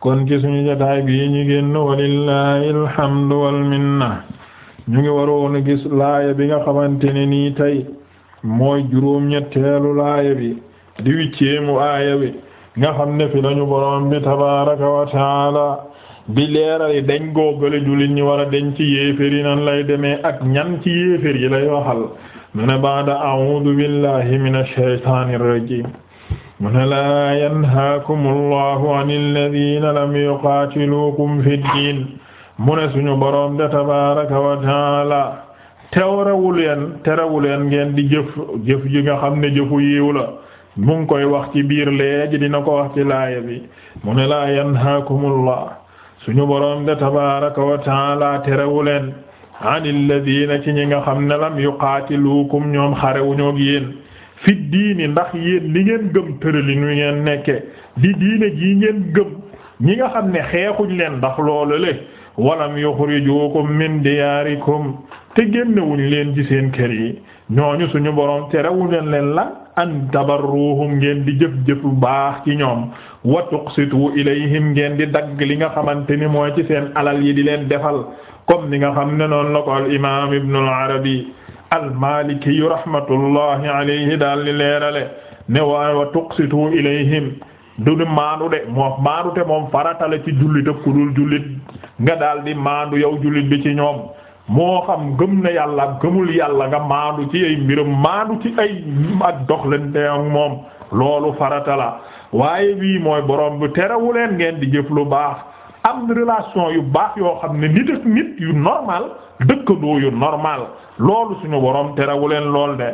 kon ci suñu jotaay bii ñu génn walillahi alhamdu wal minna ñu ngi waroon a gis laaya bi nga xamante ne nii tey mooy juróom-ñetteelu laay bi di wicceemu aaya bi nga xam ne fi lañu boroom bi tabaaraka wa taala bi leerali dañ googale jullit ñi wara a deñ yi nan lay demee ak ñan ci yéefér yi lay waxal mu ne baada a'uudu billahi minash shaytaanir rajiim mu ne laa yanhaakum allahu an alladina lam yuqaatiluukum fi ddin mu ne terewul leen terewul leen ngeen di jëf jëf ji nga xam ne jëfu yiwla la koy wax ci biir léegi dina ko wax ci laaya bi mu ne laa yanhaakumullah suñu boroom de tabaraka wa terewul leen an alladina ci ñi nga xam ne lam yuqaatiluukum ñoom xarewuñu ak yéen fi diini ndax yéen li ngeen gëm tërali nu ngeen nekke di diine jii ngeen gëm ñi nga xam ne xeexuñ leen ndax loolu le walam yukhrijukum min diyaarikum te génnewuñ leen ci seen kër yi ñooñu suñu boroom terewuñ leen leen la an tabarruhum ngeen di jëf jëf bu baax ci ñoom wa tuqsitu ilayhim ngeen di dagg li nga xamante ni mooy ci seen alal yi di leen defal comme ni nga xam ne noonu la ko al imaam Ibnul Arabi almalikiyu rahmatullahi alayhi daal di leerale ne waa wa tuqsitu ilayhim du di maandu de moom maandu te moom faratale ci jullit ak ku jullit nga daal di maandu yow jullit bi ci ñoom moo xam gëm na yàlla gëmul yàlla nga maandu ci ay mbiram maandu ci ay ak doxlante ak moom loolu farata waaye bii mooy borom bu terewuleen ngeen di jëf lu baax am relation yu baax yoo xam ne nit ak nit yu normal dëkkandoo yu normal loolu suñu borom terawu leen lool de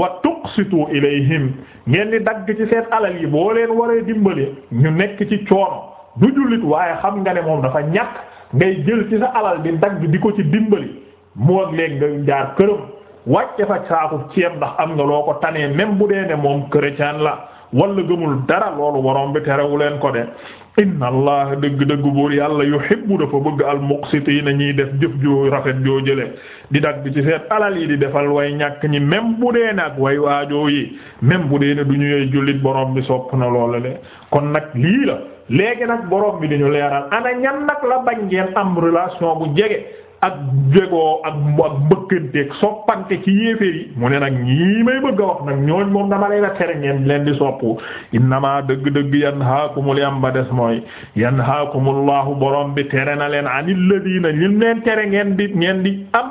wa tuqsitu ilayhim ngeen di dagg ci seen alal yi boo leen waree dimbali ñu nekk ci coono du jullit waaye xam nga ne moom dafa ñakk ngay jël ci sa alal di dagg di ko ci dimbali mu ak léegi nga jaar këram wàcce fa saaku ceeb ndax am nga loo ko tanee même bu dee ne moom chrétien la. wala gëmul dara loolu waroon bi terewu leen ko de inna allah dëgg-dëgg buur yàlla yuhibbu dafa bëgg al muqsitiina ñiy def jëf joo rafet joo jële di dag bi ci seen alal yi di defal way ñàkk ñi même bu dee nag way waajoo yi même bu dee ne du ñu yey jullit borom bi sopp na loolu le kon nag lii la léegi nag borom bi dañu leeral ana ñan nag la bañ ngeen am relation bu jege ak jegoo ak ak mbëkkanteeg soppante ci yéeféer yi mu ne nag ñii may bëgg a wax nag ñooñ moom dama lay la tere ngeen leen di soppu innama dëgg-dëgg yanhaakumul yam ba des mooy yanhaakumullahu borom bi tere na leen anil ladina lim leen tere ngeen di ngeen di am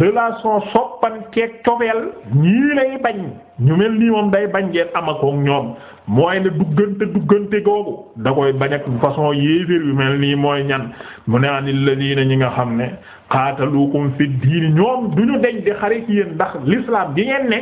relation soppanteeg cofeel ñii lay bañ ñu mel nii moom day bañ ngeen am ak ñoom mooy ne duggante duggante googu da koy bañ ak façon yéeféer yu mel nii mooy ñan mu ne anil ladina ñi nga xam ne qaataluukum fi diini ñoom du ñu deñ di xare ci ndax l'islam gi ngeen ne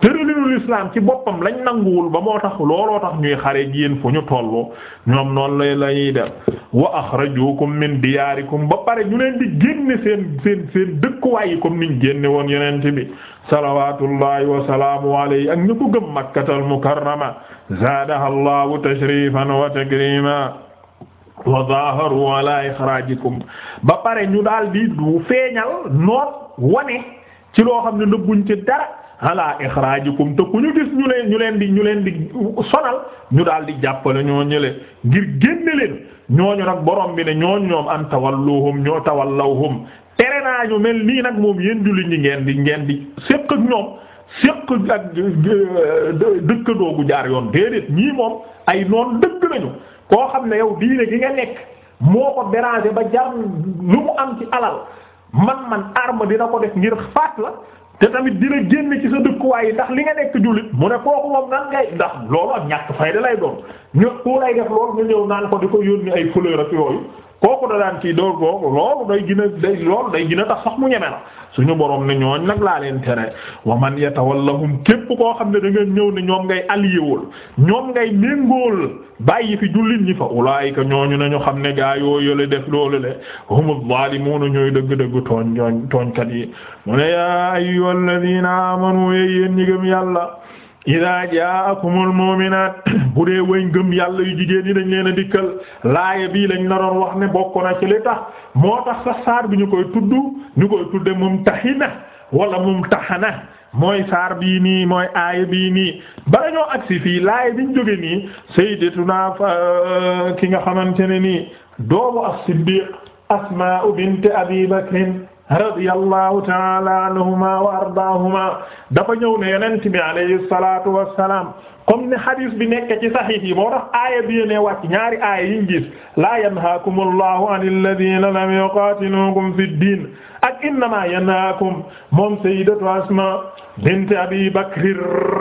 tëralinu l'islam ci boppam lañ nanguwul ba moo tax looloo tax ñuy xare ji yéen fu ñu tollu ñoom noonu lay la ñuy def wa akhrajukum min diyaarikum ba pare ñu leen di génne seen seen seen dëkkuwaay yi comme niñ génne woon yonent bi salawatullahi wa salaamu alayhi ak ñu ko gëm makkatal mukarrama zaadaha allahu tashrifan wa takrima wa zaharu ala ixrajikum ba pare ñu daal di feeñal noot wane ci loo xam ne nëbbuñ ci dara ala ixraajikum te ku ñu gis ñu leen ñu leen di ñu leen di sonal ñu daal di jàppale ñoo ñële ngir génne leen ñooñu nag borom bi ne ñooñu ñoom an tawalluhum ñoo tawallawhum tere naa ñu mel nii nag moom yéen jullit ñi ngeen di ngeen di séq ak ñoom séq ak dëkkandoo gu jaar yoon déedéet ñii moom ay noon dëkk nañu koo xam ne yow diine gi nga nekk moo ko déranger ba jar lu mu am ci alal man man arme dina ko def ngir faat la te tamit dina génn ci sa dëkkuwaay yi ndax li nga nekk jullit mu ne kooku moom nan ngay ndax loolu ak ñàkk fayda lay doon ñu ku lay def loolu nga ñëw naan ko di ko yónni ay fleur ak yooyu kooku da daan ci door ko loolu day gën a day loolu day gën a tax sax mu ñeme la suñu borom ne ñooñ nag laa leen tere wa man yatawallahum képp koo xam ne da ngeen ñëw ne ñoom ngay alliéwul ñoom ngay méngool bàyyi fi jullit ñi fa ulaayika ñooñu nañu xam ne gaa yoo yële def loolu le humu zaalimuuna ñooy dëgg-dëgg tooñ tooñ tooñkat yi mu ne yaa ayyuhal ladiina amanu yéen ñi gëm yàlla idaa jaakumul mu'minaat bu dee way ngëm yàlla yu jigéen ñi dañ leen a dikkal laaya bii lañu naroon wax ne bokk na ci li tax moo tax sax saar bi ñu koy tudd ñu koy tudde mumtahina wala mumtahana mooy saar bii nii mooy aaya bii nii bala ñoo agsi fii laaya biñ jóge nii sayyidatuna euh, ki nga xamante ne nii doomu as-Siddiq Asmaa bint Abi Bakrin radiyallahu ta'ala anhuma wa ardaahuma dafa ñëw ne yonent bi alayhi salatu wassalam comme ni hadis bi nekk ci saxiix yi moo tax aaya bi ne wàcc ñaari aaya yi ngis laa yanhaakum allahu an alladina lam yuqatilukum fi ddin ak innama yanhaakum moom sayyidatu asma bint abi bakr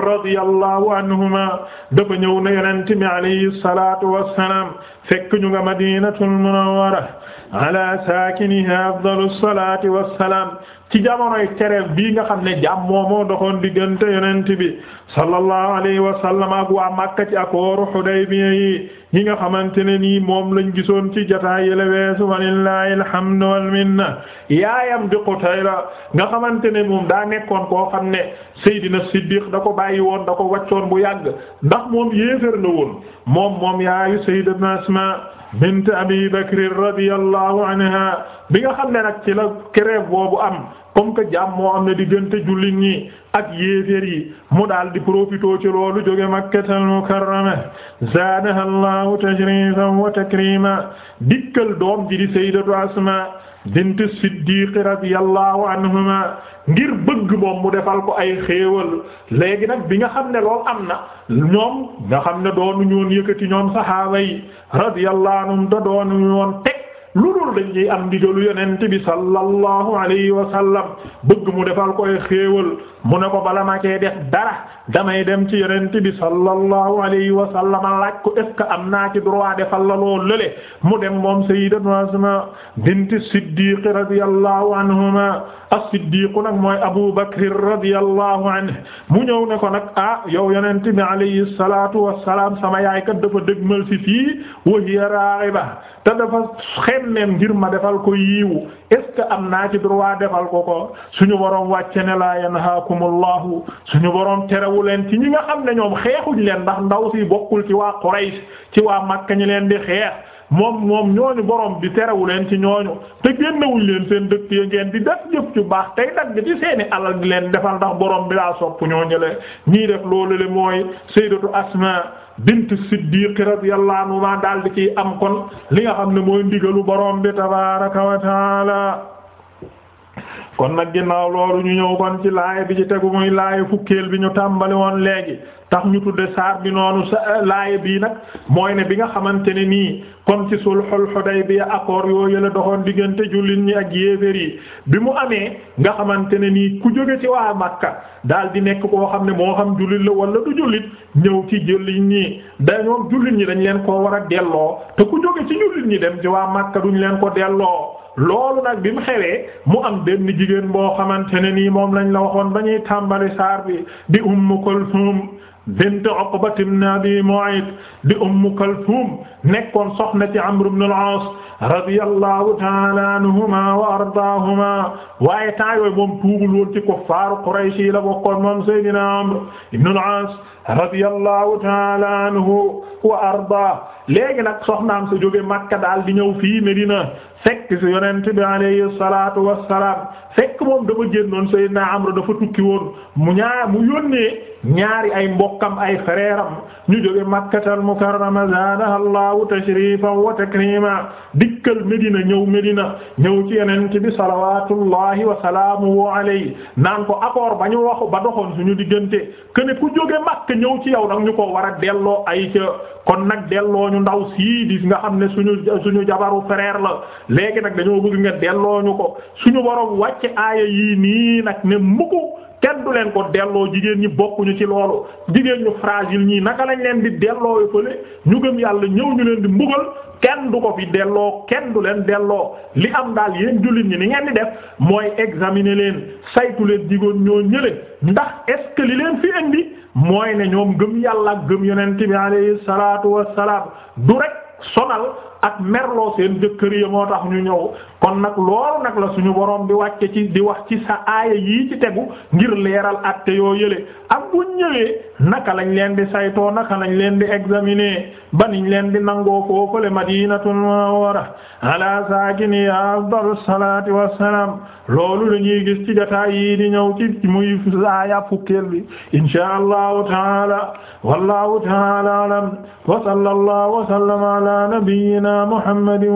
radiyallahu anhuma dafa ñëw ne yonent bi alayhi salatu wassalam fekk ñu nga madinatul munawwara ala saakinihi afdalu salaati salaam ci jamonoy tereel bii nga xam ne jàmmoo moo doxoon diggante yonent bi sallallahu alayhi wa sallam ak waa Makka ci accord Hudaybiya yi nga xamante ne nii moom lañ gisoon ci jotaay yi la weesu walillahi alhamdu wal minna yaayam di Qutayla nga xamante ne moom daa nekkoon koo xam ne Seydina Siddiq da ko bàyyi woon da ko waccoon bu yàgg ndax moom yéefér la woon moom moom yaayu Sayyidatuna Asma bint abi bakr radiyallahu anha bi nga xam ne nag ci la crève boobu am comme que jàmm moo am ne diggante jullit ñi ak yéeféer yi mu daal di profitoo ci loolu jóge makkatal mukarrama zaadaha allahu tashrifan wa takrima dikkal doom ji di sayyidatu asma bint siddiq radiyallahu anhuma ngir bëgg moom mu defal ko ay xéewal léegi nag bi nga xam ne loolu am na ñoom nga xam ne doonu ñoon yëkkati ñoom saxaaba yi radiyallahu anhum da doonu ñoon teg lu dul dañ ciy am ndigalu yonent bi sallallahu alayhi wa bëgg mu defal ko ay xéewal mu ne ko bala ma cee def dara damay dem ci yonent bi sallallahu alayhi wa sallam laaj ko est ce que am naa ci droit defal la loo lële mu dem moom sayyidatu Asma bint Siddiq radiyallahu anhuma as-Siddiq nag mooy Abu Bakr radiyallahu anhu mu ñëw ne ko nag ah yow yonent bi salaatu salatu wassalam sama yaay kat dafa dëgmal si fii wa hiya ra'iba te dafa xemmeem ngir ma defal ko yiiwu est am naa ci droit defal ko ko suñu waroon wàcce ne la yanha nahakumullahu suñu boroom terewu leen ci ñi nga xam ne ñoom xeexuñ leen ndax ndaw si bokkul ci waa Quraysh ci waa Makka ñi leen di xeex moom moom ñooñu boroom bi terewu leen ci ñooñu te génnewuñ leen seen dëkk yi ngeen di def jëf ju baax tey dagg ci seeni alal di leen defal ndax boroom bi laa sopp ñooñu le ñii def loolu le mooy sayyidatu Asma bint Siddiq radiyallahu anha daal di ciy am kon li nga xam ne mooy ndigalu boroom bi tabaaraka wa kon nag ginnaaw loolu ñu ñëw kon ci laaya bi ci tegu muy laaya fukkeel bi ñu tàmbali woon léegi tax ñu tudde saar bi noonu sa euh, laaya bii nag mooy ne bi nga xamante ne nii kon ci sulhul Hudaybiya accord yoo yëla doxoon diggante jullit ñi ak yéefér yi bi mu amee nga xamante ne nii ku jóge ci waa Makka daal di nekk koo xam ne moo xam jullit la wala du jullit ñëw ci jullit ñi dañoom jullit ñi dañ leen koo war a delloo te ku jóge ci jullit ñi dem ci waa Makka duñ leen ko delloo loolu nag bi mu xewee mu am benn jigéen boo xamante ne nii moom lañ la waxoon ba ñuy tàmbali saar bi di Ummu Kulthum bint Uqbat ibn Abi Mu'ayt di Ummu Kulthum nekkoon soxna ci Amr ibn al-As radiyallahu ta'ala anhuma wa ardaahuma waaye temps yooyu moom tuubul woon ci kuffaaru Quraysh yi la bokkoon moom Seydina Amr ibn al-As radiyallahu ta'ala anhu wa ardaah léegi nag soxnaam sa jóge Makka daal di ñëw fii Medina fekk ci yonent bi alayhi salaatu wassalaam fekk moom dafa génnoon Seydina Amr dafa tukki woon mu ñaar mu yónnee ñaari ay mbokkam ay frèram ñu jóge makkatal mukarrama zaadahallahu tashrifan wa takrima dikkal médina ñëw médina ñëw ci yeneen ci bi salawatullahi wa salaamuhu alayhi naan ko accord ba ñu wax ba doxoon suñu diggante kene ku jóge makka ñëw ci yow nag ñu ko war a delloo ay ca kon nag delloo ñu ndaw sii di nga xam ne suñu suñu jabaru frère la léegi nag dañoo bëgg nga delloo ñu ko suñu borom wàcce aaya yii nii nag ne muku kenn du leen ko delloo jigéen ñi bokkuñu ci loolu jigéen ñu fragile ñii naka lañ leen di delloo fële ñu gëm yàlla ñëw ñu leen di mbugal kenn du ko fi delloo kenn du leen delloo li am daal yéen jullit ñi ni ngeen di def mooy examiner leen saytu leen jigéen ñoo ñële ndax est-ce que li leen fi indi mooy ne ñoom gëm yàlla gëm yonent bi alayhi salaatu wassalaam du rek sonal ak merloo seen jëkkër yi moo tax ñu ñëw kon nag loolu nag la suñu boroom di wàcce ci di wax ci sa aaya yii ci tegu ngir leeral atte yoo yële ak buñ naka lañ leen di saytoo naka lañ leen di examiner ba niñ leen di nangoo foofale madinatul munawwara ala saakini afdalu salaati wassalaam loolu la ñuy gis ci jotaay yii di ñëw ci muy aaya fukkeel bi inshaa allahu taala wallahu taala alam wa sallallahu wa sallama ala nabiyyina muhammadin